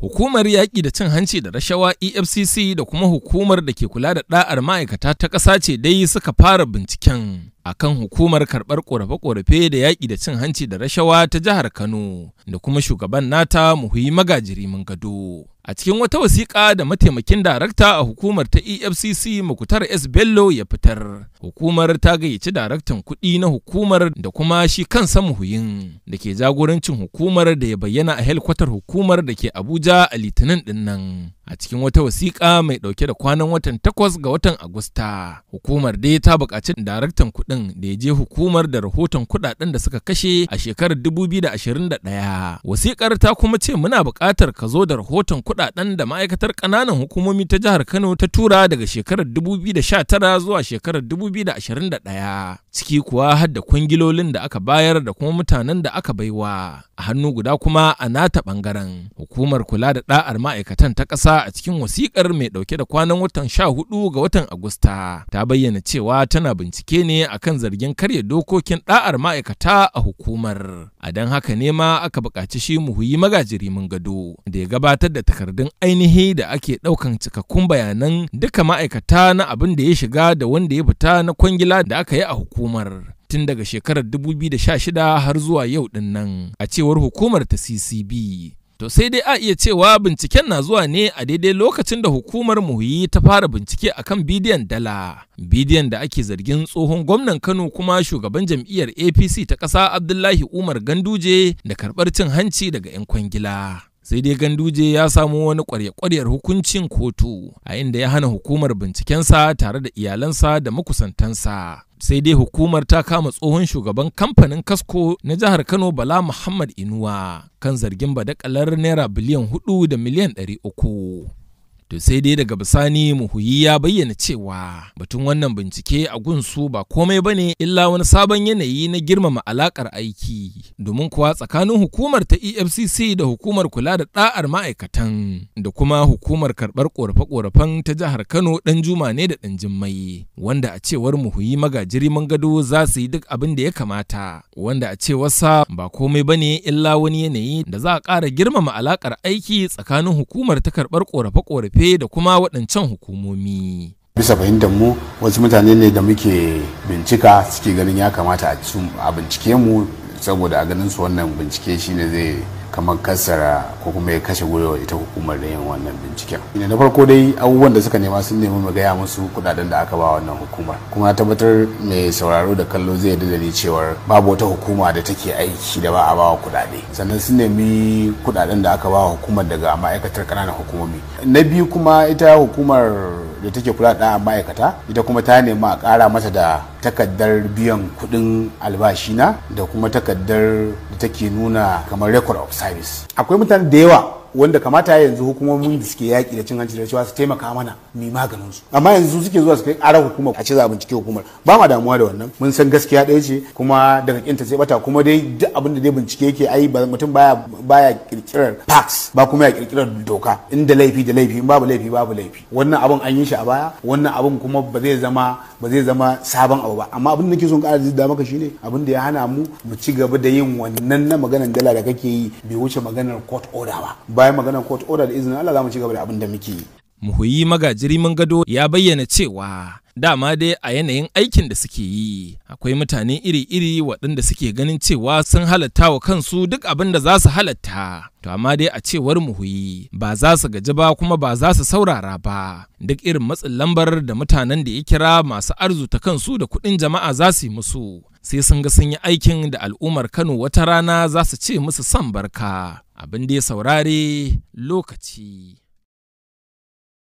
Hukumar yaƙi da cin hanci da rashawa EFCC da kuma hukumar da ke kula da ɗa'ar ma'aikata ta ƙasa ce dai suka fara binciken a kan hukumar karɓar ƙorafe-ƙorafe da yaƙi da cin hanci da rashawa ta jihar Kano da kuma shugaban nata muhimmi magajiri mun gado. a cikin wata wasiƙa da mataimakin darakta a hukumar ta efcc makutar s bello ya fitar hukumar ta gayyaci daraktan kuɗi na hukumar da kuma shi kan samu huyin, da ke jagorancin hukumar da ya bayyana a helkwatar hukumar da ke abuja a litinin ɗin nan a cikin wata wasiƙa mai ɗauke da kwanan watan takwas ga watan agusta hukumar dai ta buƙaci daraktan kuɗin da ya je hukumar da rahoton kuɗaɗen da suka kashe a shekarar 2021 wasiƙar ta kuma ce muna buƙatar ka zo da rahoton kuɗaɗen da ma'aikatar ƙananan hukumomi ta jihar kano ta tura daga shekarar 2019 zuwa shekarar 2021 ciki kuwa har da kwangilolin da aka bayar da kuma mutanen da aka baiwa a hannu guda kuma a nata ɓangaren hukumar kula da ɗa'ar ma'aikatan ta ƙasa a cikin wasikar mai ɗauke da kwanan watan sha hudu ga watan Agusta ta bayyana cewa tana bincike ne akan zargin karya dokokin ɗa'ar ma'aikata a hukumar. A don haka ne ma aka buƙaci shi muhuyi magajiri mun gado da ya gabatar da takardun ainihi da ake ɗaukan cikakkun bayanan duka ma'aikata na abin da ya shiga da wanda ya fita na kwangila da aka yi a hukumar. tun daga shekarar 2016 har zuwa yau din a cewar hukumar ta CCB To sai dai a iya cewa binciken na zuwa ne a daidai lokacin da hukumar muhi ta fara bincike akan bidiyon dala. Bidiyon da ake zargin tsohon gwamnan Kano kuma shugaban jam'iyyar APC ta ƙasa Abdullahi Umar Ganduje da karɓar cin hanci daga 'yan kwangila. sai dai ganduje ya samu wani kwarya-kwaryar hukuncin kotu a inda ya hana hukumar bincikensa tare da iyalansa da makusantansa sai dai hukumar ta kama tsohon shugaban kamfanin kasko na jihar kano bala muhammad inuwa kan zargin badakalar naira biliyan hudu da miliyan 300. to sai dai daga bisani muhuyi ya bayyana cewa batun wannan bincike a gunsu ba komai bane illa wani sabon yanayi na girmama alakar aiki domin kuwa tsakanin hukumar ta efcc da hukumar kula da da'ar ma'aikatan da kuma hukumar karɓar korafe-korafen ta jihar kano dan juma ne da dan jimmai wanda a cewar muhuyi magajiri gado za su yi duk abin da ya kamata wanda a cewarsa ba komai bane illa wani yanayi da za a ƙara girmama alakar aiki tsakanin hukumar ta karɓar korafe-korafe gefe da kuma waɗancan hukumomi. bisa fahimtar mu wasu mutane ne da muke bincika suke ganin ya kamata a bincike mu saboda a ganin su wannan bincike shine zai kamar kasara ko kuma ya kashe gwiwa ita hukumar da yin wannan binciken ina na farko dai abubuwan da suka nema sun nemi gaya musu kudaden da aka ba wannan hukumar kuma na tabbatar mai sauraro da kallo zai yarda ni cewar babu wata hukuma da take aiki da ba a bawa kudade sannan sun nemi kudaden da aka bawa hukumar daga ma'aikatar kananan hukumomi na biyu kuma ita hukumar da take kula da ma'aikata ita kuma ta nemi a kara mata da takaddar biyan kudin albashina da kuma takaddar da take nuna kamar record of service akwai mutane da yawa wanda kamata yanzu hukumomin da suke yaƙi da cin hanci da cewa su taimaka mana mu maganin su amma yanzu suke zuwa su kai ara hukumar a ce za a bincike hukumar ba ma damuwa da wannan mun san gaskiya ɗaya ce kuma daga kinta sai bata kuma dai duk abin da dai bincike yake ai mutum baya baya kirkirar facts ba kuma ya kirkirar doka inda laifi da laifi babu laifi babu laifi wannan abin an yi shi a baya wannan abin kuma ba zai zama ba zai zama sabon abu ba amma abin da nake son ƙara da maka shine abin da ya hana mu mu ci gaba da yin wannan na maganar dala da kake yi bai wuce maganar court order ba bayan maganar court oda da izinin Allah zamu ci gaba da abin da muke yi muhuyi magajirimin gado ya bayyana cewa dama dai a yanayin aikin da suke yi akwai mutane iri-iri waɗanda suke ganin cewa sun halatta wa kansu duk abin da za su halatta to amma dai a cewar muhuyi ba za su gaji ba kuma ba za su saurara ba duk irin matsin lambar da mutanen da ya kira masu arzuta kansu da kuɗin jama'a za su yi musu sai sun ga sun yi aikin da al'ummar Kano wata rana za su ce musu son barka abin da ya saurare lokaci.